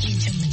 坚强。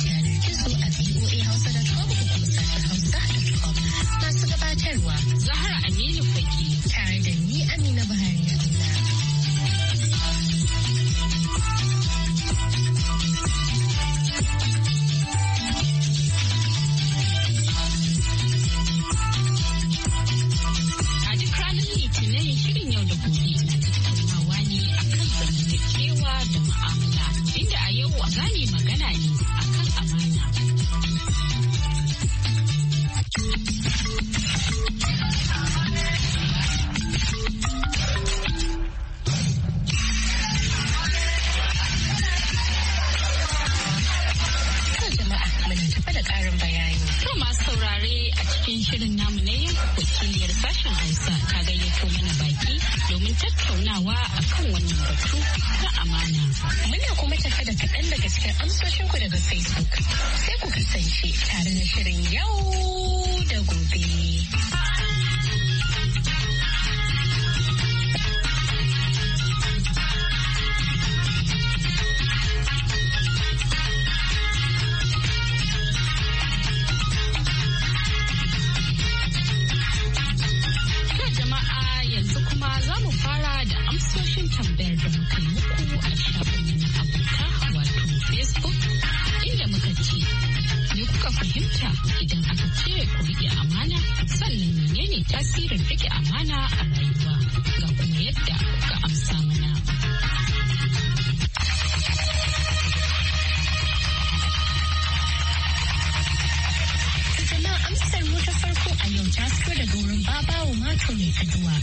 cikin shirin namu na yau wakiliyar sashen Hausa ta gayyato mana baki domin tattaunawa a kan wannan batu na amana. Muna kuma tafi da kaɗan daga cikin amsoshinku daga Facebook. Sai ku kasance tare da shirin yau da gobe. yau ta fito daga wurin babawa mato mai aduwa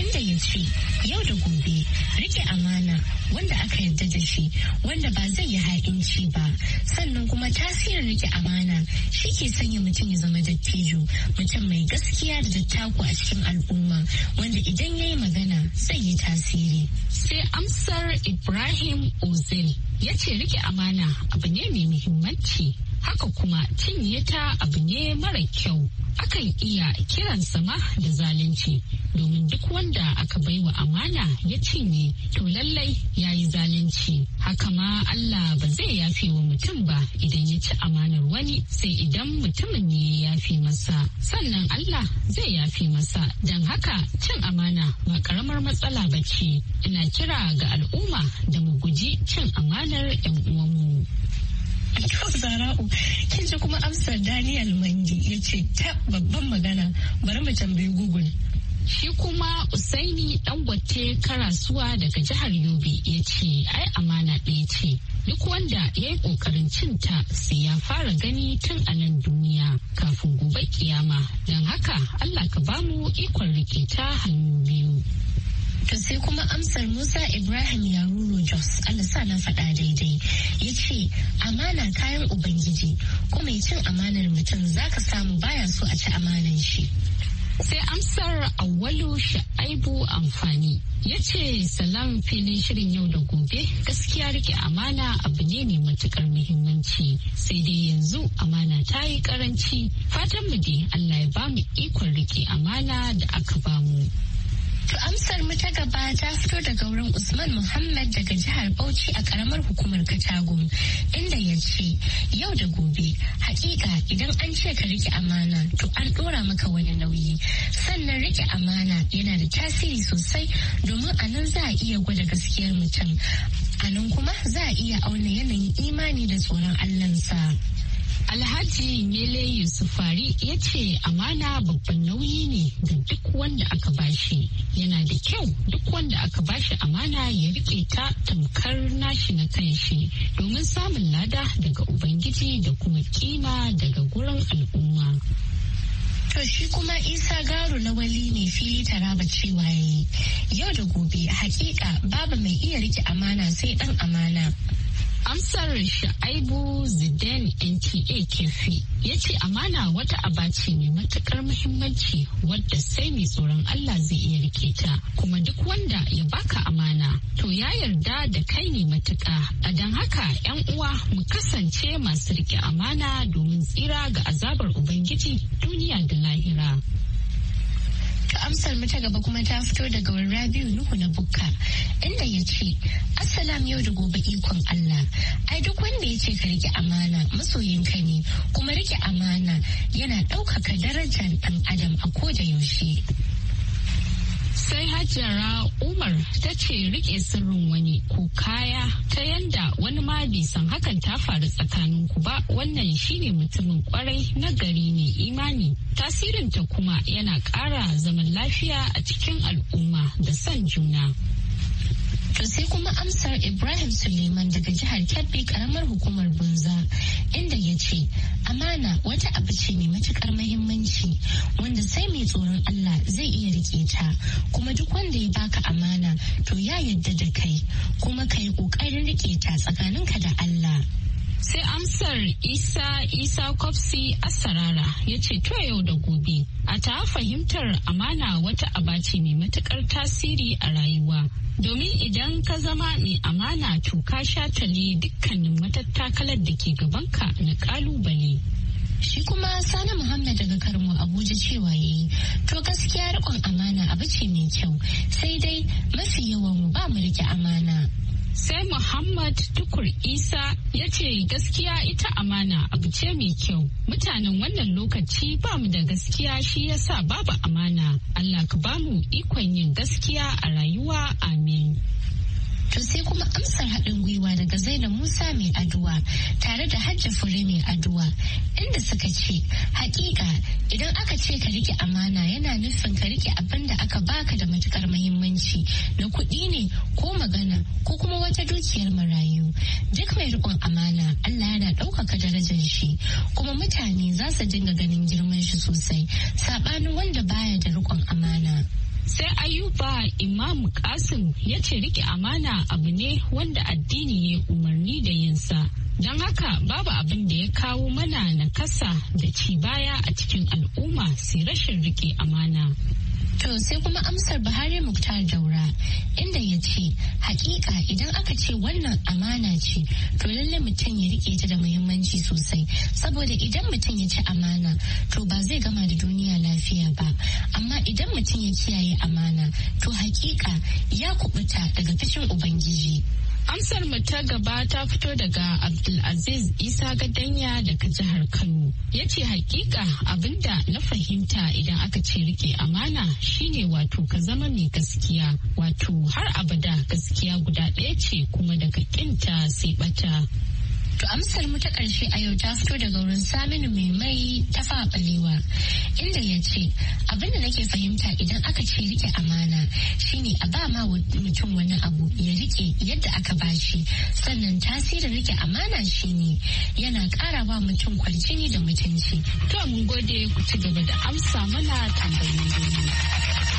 inda ya ce yau da gobe rike amana wanda aka yarda da shi wanda ba zai yi ha'inci ba sannan kuma tasirin rike amana shi ke sanya mutum ya zama dattijo mutum mai gaskiya da dattako a cikin al'umma wanda idan ya yi magana zai yi tasiri sai amsar ibrahim ozil ya ce rike amana abu ne mai muhimmanci haka kuma cinye ta abu ne mara kyau akan iya kiran sama da zalunci domin duk wanda aka baiwa amana ya cinye to lallai ya yi zalunci haka ma Allah ba zai yafe wa mutum ba idan ya ci amanar wani sai idan mutumin ne ya yafe masa sannan Allah zai yafi masa don haka cin amana ba karamar matsala ba ce ina kira ga al'umma da mu guji cin amanar 'yan uwanmu. To Zara'u, kin ji kuma amsar Daniel Mandi ya ce ta babban magana bari mu tambayi Google. Shi kuma Usaini Dangote Karasuwa daga jihar Yobe ya ce, ai amana ɗaya ce, duk wanda ya yi ƙoƙarin cinta sai ya fara gani tun a nan duniya kafin gobe kiyama, don haka Allah ka bamu ikon rike ta hannu biyu. To sai kuma amsar Musa Ibrahim Yaruro Jos Allah sa na faɗa daidai ya ce amana kayan Ubangiji kuma ya cin amanar mutum za ka samu baya so a ci amanar shi. sai amsar awalu sha'aibu amfani ya ce salam filin shirin yau da gobe gaskiya rike amana abu ne ne matukar muhimmanci sai dai yanzu amana ta yi karanci fatan mu dai allah ya bamu ikon rike amana da aka bamu To amsar mu ta gaba ta fito daga wurin Usman Muhammad daga jihar Bauchi a karamar hukumar Katago inda ya ce yau da gobe hakika idan an ce ka rike amana to an dora maka wani nauyi sannan rike amana yana da tasiri sosai domin a nan za a iya gwada gaskiyar mutum a nan kuma za a iya auna yanayin imani da tsoron Allahnsa. Alhaji Mele Yusufari ya ce amana babban nauyi ne ga duk wanda aka bashi. Yana da kyau duk wanda aka bashi amana ya riƙe ta tamkar nashi na kanshi domin samun lada daga Ubangiji da kuma kima daga gurin al'umma. To shi kuma Isa Garu na wali ne fili taraba cewa yayi. Yau da gobe hakika babu mai iya rike amana sai dan amana. Amsar Sha'aibu Zidane NTA ke fi ya ce amana wata abaci mai matukar muhimmanci wadda sai mai tsoron Allah zai iya rike ta kuma duk wanda ya baka amana to ya yarda da kai ne matuka a don haka yan uwa mu kasance masu rike amana domin tsira ga azabar Ubangiji duniya da lahira. To amsar mu ta gaba kuma ta fito daga wani Rabiu Nuhu na Bukka inda ya ce Assalam yau da gobe ikon Allah. Ai duk wanda ya ce ka rike amana masoyinka ne kuma rike amana yana ɗaukaka darajar ɗan adam a ko da yaushe. sai hajjara umar ta ce rike sirrin wani ko kaya ta yanda wani ma bai san hakan ta faru tsakanin ku ba wannan shine mutumin kwarai na gari mai imani tasirinta kuma yana ƙara zaman lafiya a cikin al'umma da san juna To sai kuma amsar Ibrahim Suleiman daga jihar Kebbi karamar hukumar Bunza inda ya ce amana wata abu ce mai matukar mahimmanci wanda sai mai tsoron Allah zai iya rike ta ya yarda da kai kuma ka yi ƙoƙarin riƙe ta tsakaninka da Allah. Sai amsar Isa Isa kofsi Asarara ya ce to yau da gobe a ta fahimtar amana wata abaci mai matukar tasiri a rayuwa. Domin idan ka zama mai amana to ka shatale dukkanin matattakalar da ke gabanka na kalubale. Shi kuma Sani Muhammad daga Karmo Abuja cewa ya yi, to gaskiya rikon amana abu ce mai kyau, sai dai mafi yawan mu ba mu riƙe amana. sai Muhammad Tukur Isa ya ce gaskiya ita amana abu ce mai kyau. Mutanen wannan lokaci ba mu da gaskiya shi yasa babu amana. Allah ka bamu ikon yin gaskiya a rayuwa amin. To sai kuma amsar haɗin gwiwa daga Zainab Musa mai aduwa tare da Hajja Fure mai aduwa inda suka ce hakika idan aka ce ka rike amana yana nufin ka rike abin da aka baka da matukar muhimmanci na kuɗi ne ko magana ko kuma wata dukiyar marayu duk mai rikon amana Allah yana ɗaukaka darajar shi kuma mutane za su dinga ganin girman shi sosai saɓanin wanda baya da rikon amana. sai ayuba imam kasim ya ce rike amana abu ne wanda addini ya umarni da yinsa don haka babu abin da ya kawo mana na kasa da ci baya a cikin al'umma sai rashin rike amana To sai kuma amsar Buhari Muktar Daura inda ya ce hakika idan aka ce wannan amana ce to lalle mutum ya rike ta da muhimmanci sosai saboda idan mutum ya ci amana to ba zai gama da duniya lafiya ba amma idan mutum ya kiyaye amana to hakika ya kubuta daga fishin Ubangiji. Amsar mu ta gaba ta fito daga Abdulaziz Isa Gadanya daga jihar Kano. Ya ce hakika abinda na fahimta idan aka ce rike amana shine wato ka zama mai gaskiya. Wato har abada gaskiya guda ɗaya ce kuma daga kinta sai bata. To amsar mu ta ƙarshe a yau ta fito daga wurin Saminu mai mai ta faɓalewa inda ya ce abin da nake fahimta idan aka ce rike amana shine a ba ma mutum wani abu ya rike yadda aka bashi sannan tasirin rike amana shine yana ƙara wa mutum kwarjini da mutunci. To mun gode ku ci gaba da amsa mana tambayoyi.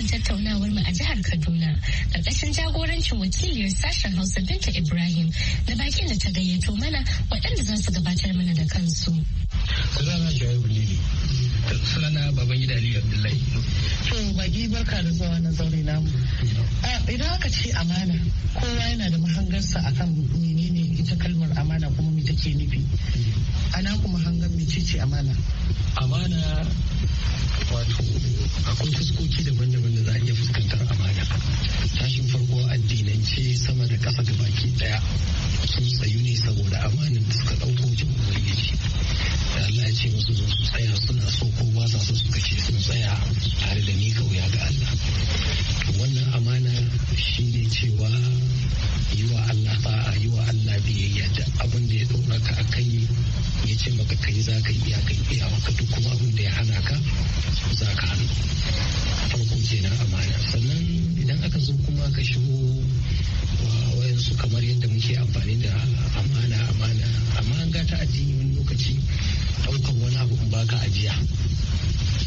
zauren tattaunawar mu a jihar Kaduna ƙarƙashin jagorancin wakiliyar sashen Hausa Binta Ibrahim da bakin da ta gayyato mana waɗanda za su gabatar mana da kansu. Sunana Shaibu Lili. Sunana Babangida Ali Abdullahi. To baki barka da zuwa na zaure namu. Idan aka ce amana kowa yana da mahangarsa akan menene ita kalmar amana kuma me take nufi. Ana kuma hangar mecece amana. Amana wato akwai fuskoki daban-daban da za a iya fuskantar amana tashin farko addinance sama da ƙasa da baki ɗaya sun tsayu ne saboda amanin da suka ɗauko wajen ubangiji da Allah ya ce musu zo su tsaya suna so ko ba sa so suka ce sun tsaya tare da ni wuya ga Allah wannan amana shi ne cewa yi wa Allah ba'a yi wa Allah biyayya da abin da ya dora ka a kai ya ce maka kai za ka iya ka iya ka duk kuma abin da ya hana ka za ka hana farko kenan amana sannan idan aka zo kuma ka shigo wayansu kamar yadda muke amfani da amana amana amma an gata addini wani lokaci ɗaukar wani abu in baka ajiya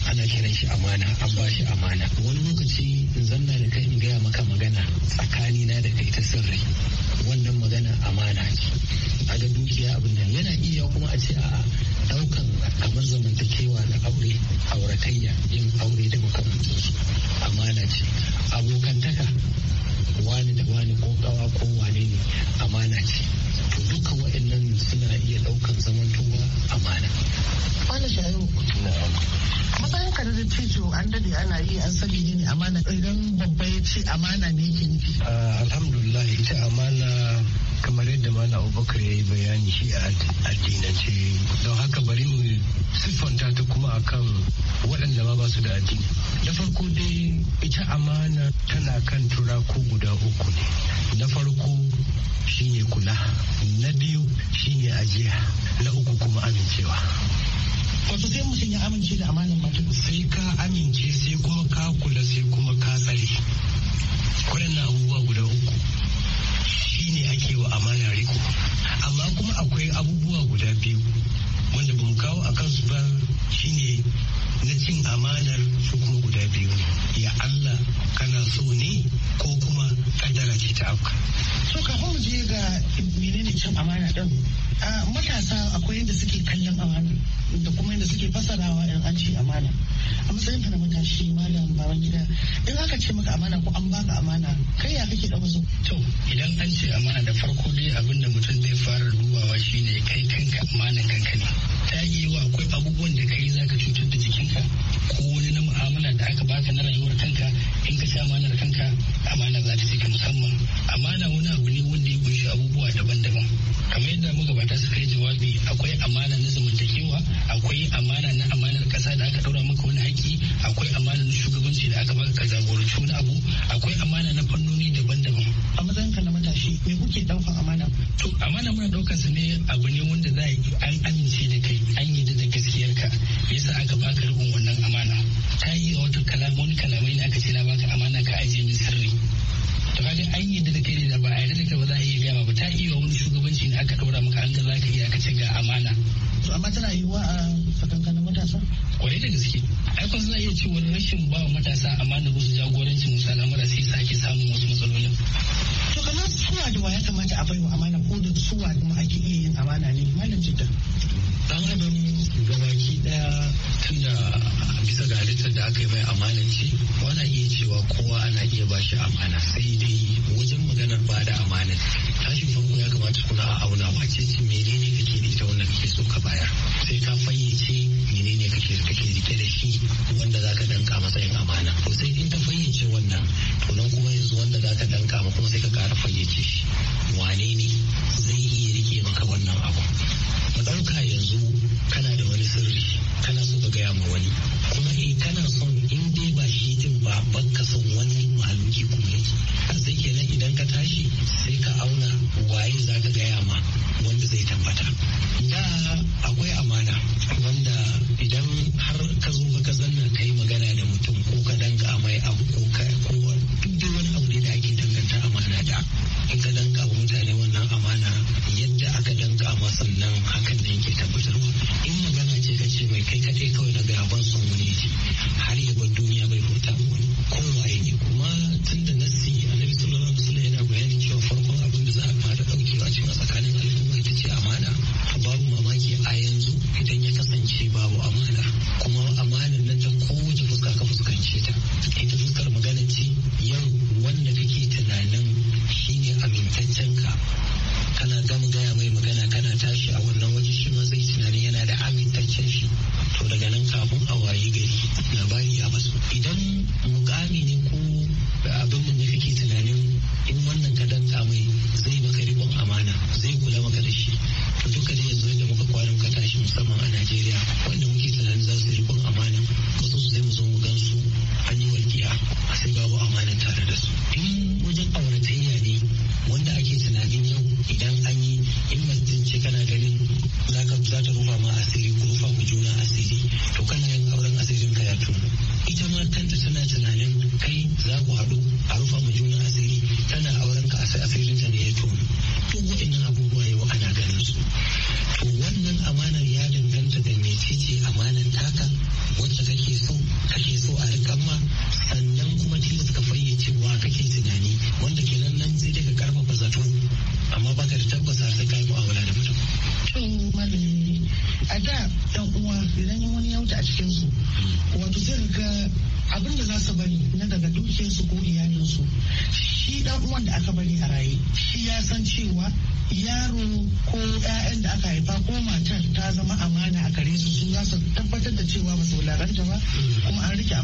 ana kiran shi amana an ba shi amana wani lokaci zanna da kai in gaya maka magana tsakani na da kai ta sirri wannan magana amana ce a ga dukiya abin nan yana iya kuma a ce a daukan kamar zamantakewa na aure auratayya yin aure da makamantansu amana ce abokantaka wani da wani ko kawa ko wane ne amana ce to duka waɗannan suna iya ɗaukan zamantowa amana Wani shayo. Matsayin ka da titi an dade ana yi an sani ne amana idan babba ya ce amana ne yake nufi. Ah, alhamdulillah ita amana kamar yadda mana abubakar ya yi bayani shi a addinance don haka bari mu siffanta ta kuma akan waɗanda ma ba su da addini na farko dai ita amana tana kan tura ko guda uku ne na farko shine kula na biyu shine ajiya na uku kuma amincewa wato sai mutum ya amince da amanin mutum sai ka amince sai kuma ka kula sai kuma ka tsare waɗannan abubuwa guda uku ne ake wa amana riko amma kuma akwai abubuwa guda biyu wanda ba mu kawo a kansu ba shine na cin amanar su kuma guda biyu ya Allah kana so ne ko kuma kaddara ce ta auka. So kafin mu je ga menene cin amana din matasa akwai yadda suke kallon amana da kuma yadda suke fasarawa in an ce amana. A matsayin ka na matashi malam baban gida in aka ce maka amana ko an baka amana kai ya kake dauka zo. To idan an ce amana da farko dai abin da mutum zai fara dubawa shine kai kanka amanan kanka ne. dagewa akwai abubuwan da kai ka cutar da jikinka ko wani na mu'amala da aka baka na rayuwar kanka in ka ci amanar kanka amana za ta cika musamman amana wani abu ne wanda ya kunshi abubuwa daban-daban kamar yadda magabata suka kai jawabi akwai amana na zamantakewa akwai amana na amanar kasa da aka ɗaura maka wani haƙƙi akwai amana na shugabanci da aka baka ka jagoranci wani abu akwai amana na fannoni daban-daban shi me kuke dauka amana to amana muna daukar su ne abu ne wanda za a an amince da kai an yi da gaskiyarka yasa aka baka rubun wannan amana ta yi wata wani kalamai ne aka ce na baka amana ka aje min sirri to kaga an yi da kai ne da ba a yarda da kai ba za a iya gaya ba ta iya wani shugabanci ne aka daura maka an ga za ka iya ka ce ga amana to amma tana yiwuwa a tsakankanin matasa kwarai da gaske ai kun zai iya cewa rashin ba matasa amana su jagorancin musalamar sai sake samun wasu matsalolin suwa da ya kamata a baiwa amana ko da suwa kuma ake iya yin amana ne malam jidda dan adam gabaki daya tunda bisa ga halittar da aka yi mai amana ce wana iya cewa kowa ana iya ba shi amana sai dai wajen maganar ba da amana tashin farko ya kamata kuna a auna wace ce menene kake da ita wanda kake so ka bayar sai ka fayyace menene kake kake rike da shi wanda zaka danka matsayin amana to sai in ta fayyace wannan to kuma yanzu wanda za ka danka ma kuma sai ka kara fayyace shi wane ne zai iya rike maka wannan abu mu ɗauka yanzu kana da wani sirri kana so ka gaya ma wani kuma eh kana son in dai ba shi din ba ka son wani mahaluki kuma yake sai kenan idan ka tashi sai ka auna waye za ka gaya ma wanda zai tabbata da akwai amana wanda idan har ka zo ka zanna ka magana da mutum ko ka danga mai abu ko ceto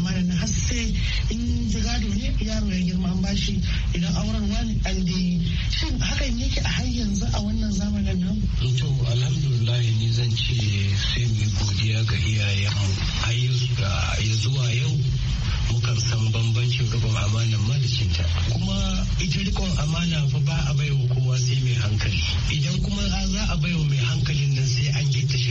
amana na har in ji gado ne yaro ya girma an bashi idan auren wani an da yi shin hakan yake a har yanzu a wannan zamanin nan to alhamdulillah ni zan ce sai mu godiya ga iyaye har ya zuwa yau mukan san bambancin rikon amana malicinta kuma ita rikon amana fa ba a baiwa kowa sai mai hankali idan kuma za a baiwa mai hankalin nan sai an gita shi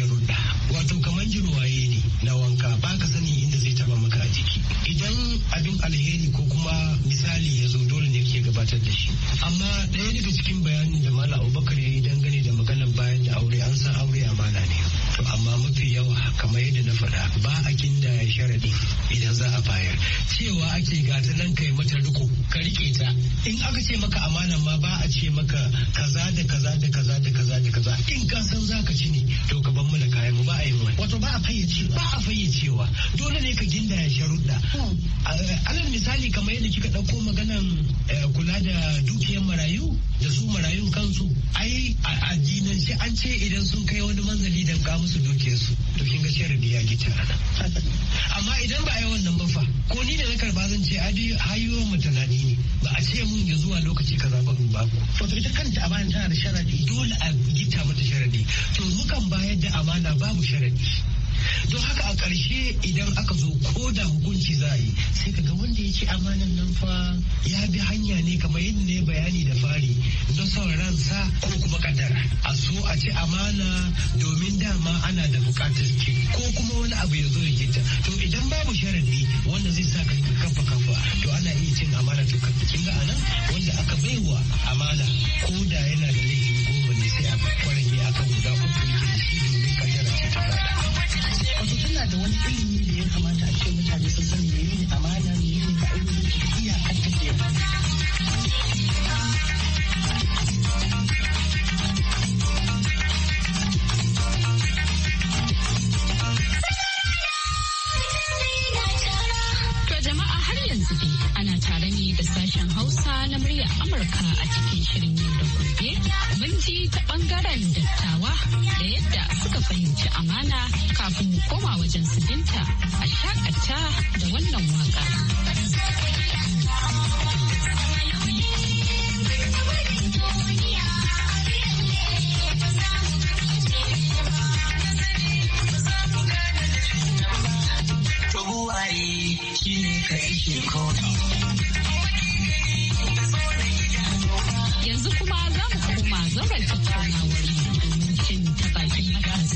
wato kamar jirwaye ne na wanka baka ka sani inda zai taba maka a jiki idan abin alheri ko kuma misali ya zo dole ne ke gabatar da shi amma ɗaya daga cikin bayanin da mala abubakar ya yi dangane da maganar bayan da aure an san aure amana ne to amma mafi yawa kamar yadda na faɗa ba a kinda sharadi idan za a bayar cewa ake gata nan kai mata riko ka rike ta in aka ce maka amana ma ba a ce maka kaza da kaza da kaza da kaza da kaza in ka san za ka ci ne to ka ban mana kayan mu ba a yi wani wato ba a fayyace ba a fayyacewa dole ne ka gindaya sharuɗa alal misali kamar yadda kika ɗauko maganan eh, kula da dukiyar marayu da su marayun kansu ai a shi an ce idan sun kai wani manzali da kamus su musu su to kin ga sharadi ya gita amma idan ba a yi wannan ba fa ko ni da na karba zan ce adi hayo mu tunani ne ba a ce mun ya zuwa lokaci kaza ba ba ku to ita kanta amana tana da sharadi dole a gita mata sharadi to mukan bayar da amana babu sharadi don haka a ƙarshe idan aka zo ko da hukunci za yi sai ka ga wanda ya ci amanan nan fa ya bi hanya ne kamar yadda ne bayani da fari don son ransa ko kuma kaddara a so a ci amana domin dama ana da buƙatar ce ko kuma wani abu ya zo ya gita to idan babu sharadi wanda zai sa ka kafa kafa to ana iya cin amana to kin ga anan wanda aka baiwa amana ko da yana da laifin goma ne sai a kwarin ne akan guda uku ne shi domin kaddara ce ta fada wato tana da wani ilimi da ya kamata a ce mutane sun sani ne amana ne ne ka ainihin iya kan tafiya. kafin mu koma wajen su binta a shakata da wannan waka. yanzu kuma za mu koma zauren tattaunawar mu.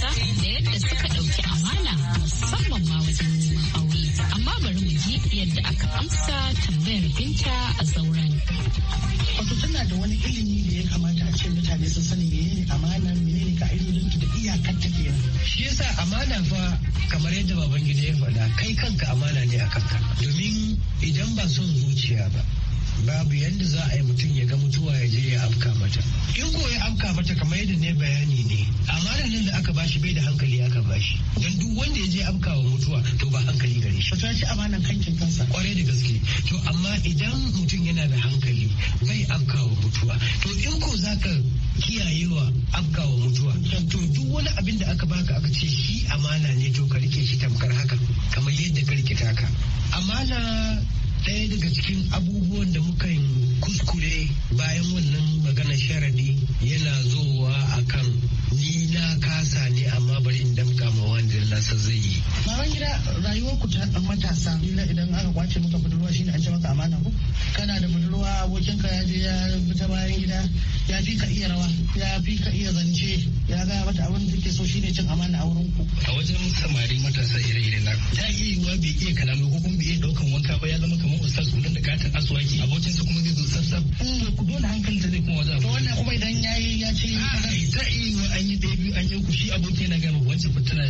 matasa da yadda suka ɗauki amana musamman ma wajen neman aure. Amma bari mu ji yadda aka amsa tambayar binta a zauren. Wato tana da wani ilimi da ya kamata a ce mutane sun sani ne amana menene ka'idodin da iyakar ta kenan. Shi yasa amana fa kamar yadda Babangida ya faɗa kai kanka amana ne a kanka. Domin idan ba son zuciya ba babu yadda za a yi mutum ya ga mutuwa ya je ya afka mata in ko ya afka mata kamar yadda ne bayani ne amanar nan da aka bashi bai da hankali aka bashi dan duk wanda ya je afka wa mutuwa to ba hankali gare shi ta ci amanar kankin kansa kwarai da gaske to amma idan mutum yana da hankali bai afka wa mutuwa to in ko zaka kiyayewa afka wa mutuwa to duk wani abin da aka baka aka ce shi amana ne to ka rike shi tamkar haka kamar yadda ka taka amana ɗaya daga cikin abubuwan da muka yi kuskure bayan wannan magana sharadi yana zowa akan ni na kasa ne amma bari in damka ma wanda lasa zai yi. Baban gida rayuwar ku ta matasa idan aka kwace maka budurwa shine an ce maka amana ku kana da budurwa abokin ka ya je ya fita ta bayan gida ya fi ka iya rawa ya fi ka iya zance ya ga mata abin da ke so shine cin amana a wurin ku. A wajen samari matasa ire-ire na ta iya yiwuwa bai iya kalamai ko kuma bai iya ɗaukan wanka ba ya zama kamar kuma ustaz kudin da katin aswaki abokin su kuma zai zo sassab ku dole hankali ta zai kuma wajen to wannan kuma idan yayi ya ce ah, ta yi an yi ɗaya biyu an yi uku shi abokin na gama wancan fitina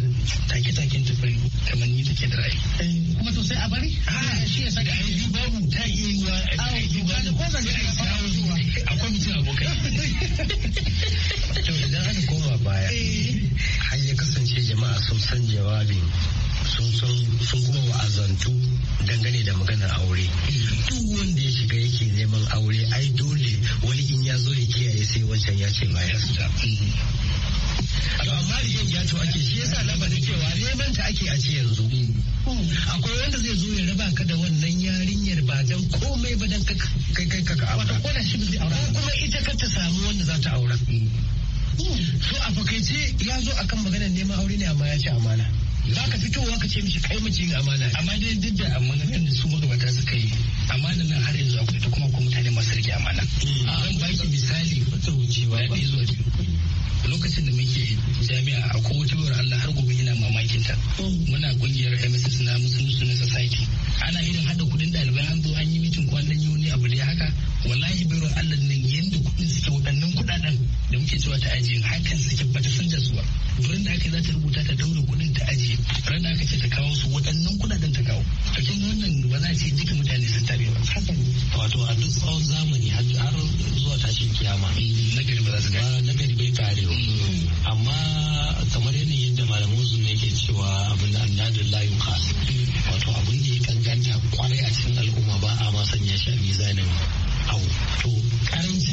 take taken ta fari kamar ni take da ra'ayi eh, kuma to sai a bari ah, shi ya saka aiki babu ta yi wa aiki ba da ko zan yi sawo zuwa akwai mutum abokai to idan aka koma baya eh. har ya kasance jama'a sun san jawabin sun san sun kuma wa'azantu dangane da maganar aure duk wanda ya shiga yake neman aure ai dole wani in ya zo ya kiyaye sai wancan ya ce baya to amma riyan ya to ake shi yasa na bada cewa neman ta ake a ce yanzu akwai wanda zai zo ya raba ka da wannan yarinyar ba dan komai ba dan kai kai ka aura kona shi zai aura kuma ita ka ta samu wanda za ta aura so mm. a fakaice ya zo akan maganar neman aure ne amma ya ce amana za ka fitowa ka ce mishi kai mijin amana amma dai duk da amana da su magabata suka yi amana nan har yanzu akwai ta kuma kuma mutane masu rike amana hmm. zan ki misali wata wucewa ba zuwa biyu lokacin da muke jami'a a kowace wurin Allah har gobe ina mamakin ta hmm. muna kungiyar MSS na Muslim na Society ana irin hada kudin ɗalibai an zo an yi mitin kwanan yuni abu da haka wallahi biro Allah nan yanda kudin suke waɗannan kuɗaɗen da muke cewa ta ajiye hakan suke bata san da zuwa wurin da aka za ta rubuta ta daura kuɗin ta ajiye ran da aka ce ta kawo su waɗannan kuɗaɗen ta kawo a cikin wannan ba za a ce duka mutane sun tare ba hakan wato a duk tsawon zamani har zuwa tashin kiyama mm, na gari ba za su gani gari bai karewa mm. amma kamar yanayin yadda malamin su ne ke cewa abin da annadin layu ka mm. wato abin da ya kanganta kwarai a cikin al'umma ba a ma sanya shi a mizanin hau to karanci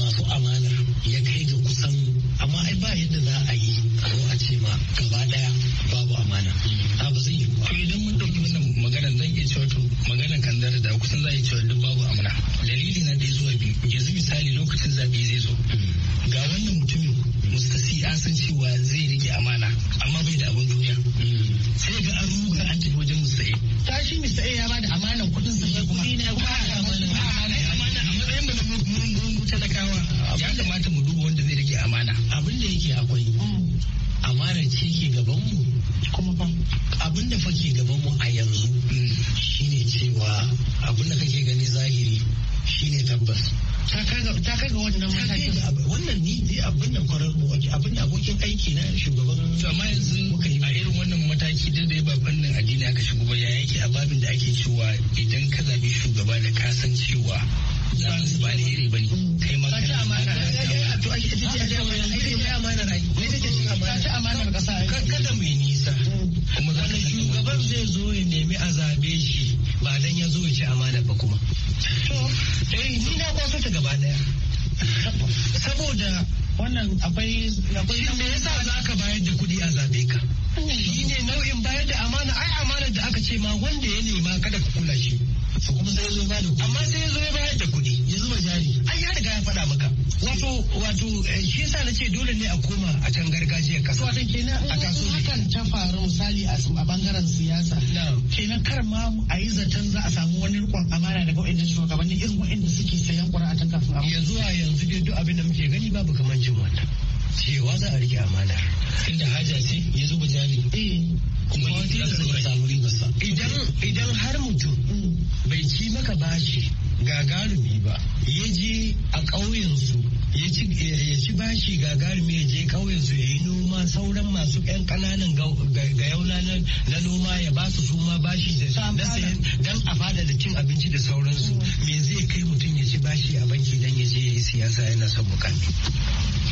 masu amana ya kai ga kusan amma ai ba yadda za a yi a zo a ce ma gaba daya babu amana a ba zai yi ba idan mun dauki wannan maganar zan iya cewa to maganar kan da kusan za a yi cewa duk babu amana dalili na dai zuwa biyu yanzu misali lokacin zabe zai zo hmm. ga wannan mutumin mustasi an san cewa zai rike amana amma bai da abin duniya hmm. sai ga an ruga an tafi wajen musta ya kamata mu duba wanda zai rike amana abin da yake akwai amana ce ke gaban mu kuma fa abin da fa ke gaban mu a yanzu shine cewa abin da kake gani zahiri shine tabbas ta kaga wannan matakin wannan ni abin da kwararru abin da abokin aiki na shugaban. kada mai nisa kuma wani shugaban zai zo ya nemi a zabe shi ba dan ya zo ya ci amana ba kuma to eh ni na kwaso ta gaba daya saboda wannan akwai akwai me yasa za ka bayar da kuɗi a zabe ka shi ne nau'in bayar da amana ai amana da aka ce ma wanda ya nema kada ka kula shi su kuma sai zo ba da kuɗi amma sai zo ya bayar da kuɗi ya zuba jari ai ya riga ya faɗa maka wato wato eh, shi yasa na ce dole ne a koma a can gargajiyar kasa wato kenan a taso hakan ta faru misali a bangaren siyasa kenan kar ma a yi zaton za a samu wani rikon amana daga wa'annan shugabanni irin wa'anda suke sayan ƙura'atan kafin a yanzu a yanzu dai duk abin da muke gani babu kamancin wannan cewa za a rike amana inda haja ce ya zuba jari eh. kuma ya samu ribarsa idan har mutum mm. bai ci maka bashi gagarumi ba ya je a ƙauyensu ya ci bashi gagarumi ya je ƙauyensu ya yi noma sauran masu ƴan ƙananan yauna na noma ya ba su suma bashi da dan a fada da cin abinci da sauransu mm. me zai kai mutum ya ci bashi a banki dan ya je ya yi siyasa yana son mukami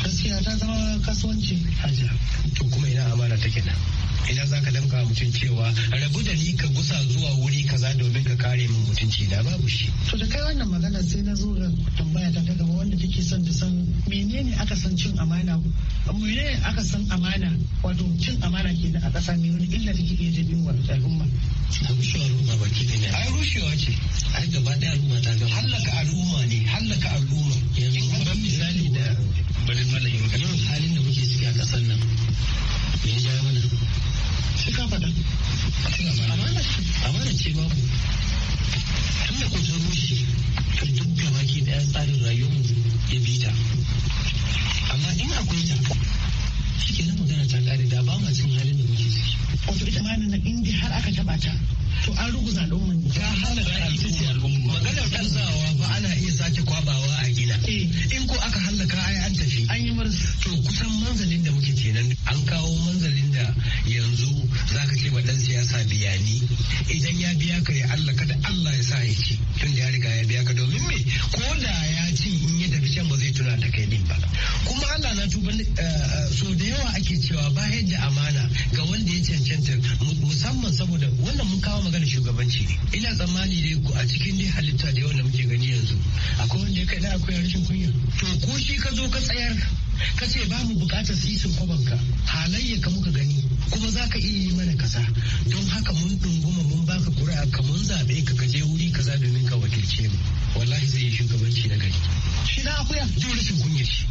gaskiya ta zama kasuwanci hajiya to kuma ina amana take nan idan za ka damka mutum cewa rabu da ni ka gusa zuwa wuri kaza domin ka kare min mutunci da babu shi. To da kai wannan magana sai na zo ga tambaya ta daga wanda take son ta san menene aka san cin amana menene aka san amana wato cin amana ke a ƙasa mai wani illa take iya jabin wa al'umma. Rushewa al'umma ke ne. Ai rushewa ce. Ai gaba ɗaya al'umma ta gaba. Hallaka al'umma ne hallaka al'umma. Yanzu ban misali da bari malayi maka. Yawan halin da muke ciki a ƙasar nan. Me ya ja mana? sai ka faɗa amana ce amana ce babu tun da ku ta rushe to duk gaba ki daya tsarin rayuwar ya bi ta amma in akwai ta shi na magana ta kare da ba ma cin halin da muke ciki wato ita ma nan indi har aka taba ta to an ruguza al'umma ta hana ita ce al'umma maganar canzawa ba ana iya sake kwabawa a gida eh. in ko aka hallaka ai an tafi an yi murus to kusan manzalin da muke kenan an kawo manzalin sa biya ni idan ya biya ka ya Allah kada Allah ya sa ya ci tun da ya riga ya biya ka domin me ko da ya ci in ya tafi can ba zai tuna da kai din ba kuma Allah na tuba eh, ka ce ba mu bukatar sisin kwabanka halayya ka muka gani kuma za ka iya yi mana kasa don haka mun ɗunguma mun ka kura ka mun zabe ka ka je wuri kaza domin ka wakilce mu wallahi zai yi shugabanci na gari shi na akuya duk rashin kunya shi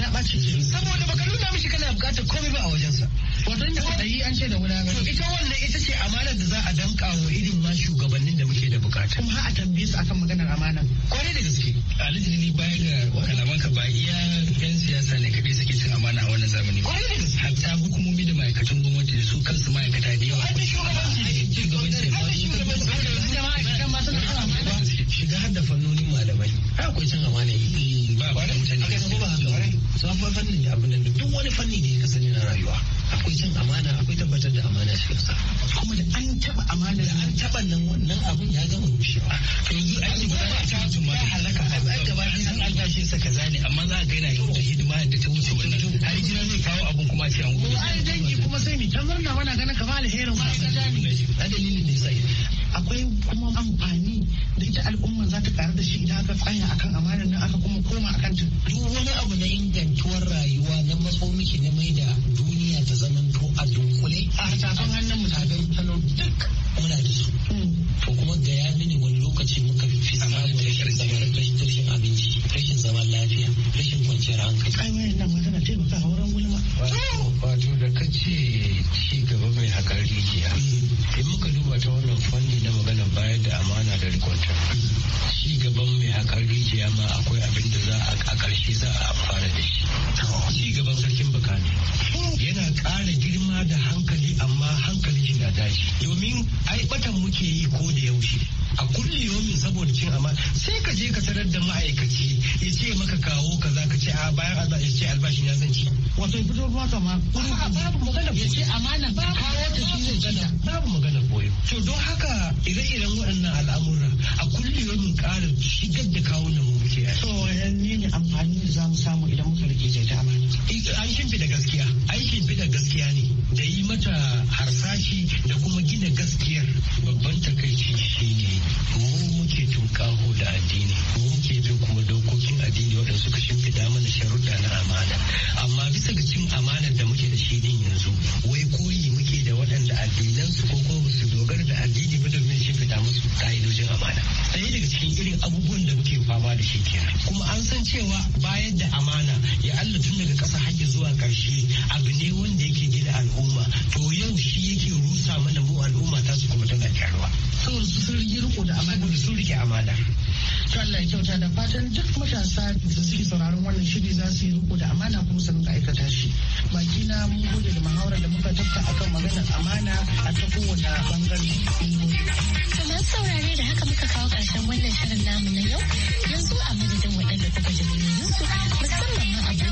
ya ɓace shi saboda baka nuna mishi kana bukatar komai ba a wajensa wato inda kwaɗayi an ce da wulaƙa to ita wannan ita ce amalar da za a danka wa irin bukata kuma a tambaye su akan maganar amana kwarai da gaske alhaji ni baya ga kalaman ka ba iya yan siyasa ne kadai suke cin amana a wannan zamani kwarai da gaske hatta hukumomi da ma'aikatan gwamnati da su kansu ma'aikata da yawa shiga har da fannonin malamai akwai cin amana ba ba da mutane ba fannin abin da duk wani fanni da ya kasance na rayuwa akwai cin amana akwai tabbatar da amana cikin sa kuma da an taba amana da an taba nan wannan abun ya gama rushewa to yanzu an yi gudanar ta ta ma halaka a gaba an san albashin sa kaza ne amma za a ga yana yi da hidima da ta wuce wannan har gina zai kawo abun kuma a an gudu ai dangi kuma sai mu ta murna mana ganin kamar alherin ba a dalilin ne sai akwai kuma amfani da ita al'umma za ta karu da shi idan aka tsaya akan amanar nan aka kuma koma akan ta duk wani abu na ingantuwar rayuwa na matsomiki na mai da duniya ta to a dunkule a tafin hannun mu ta duk muna da su hmm. to kuma ga ya mini wani lokaci muka ba ya ce albashin ya ci. Wato ya fito ruwa kama. Babu magana ya ce amana ba kawo ta shi zai ci. Babu magana boye. To don haka ire-iren waɗannan al'amura a kullum mun ƙara shigar da kawo nan mu muke. To eh, ne ne amfani da zamu samu idan muka rike zai ta amana. Eh, an da gaskiya. An da gaskiya ne da yi mata harsashi da kuma gina gaskiyar babban takaici shi ne mu muke kaho da addini. abubuwan da muke fama da shi kenan kuma an san cewa bayar da amana ya Allah tun daga ƙasa har zuwa ƙarshe abu ne wanda yake gida al'umma to yau shi yake rusa mana mu al'umma ta su kuma tana kyaruwa saboda su sun rike riko da amana da sun rike amana to Allah ya kyauta da fatan duk matasa da suke sauraron wannan shiri za su yi riko da amana kuma su rinka aikata shi majina mun gode da muhawarar da muka tafka akan maganar amana a ta kowane bangare. Kamar saurare da haka muka kawo ƙarshen wannan shirin namu na yau yanzu a madadin waɗanda kuka ji musamman ma a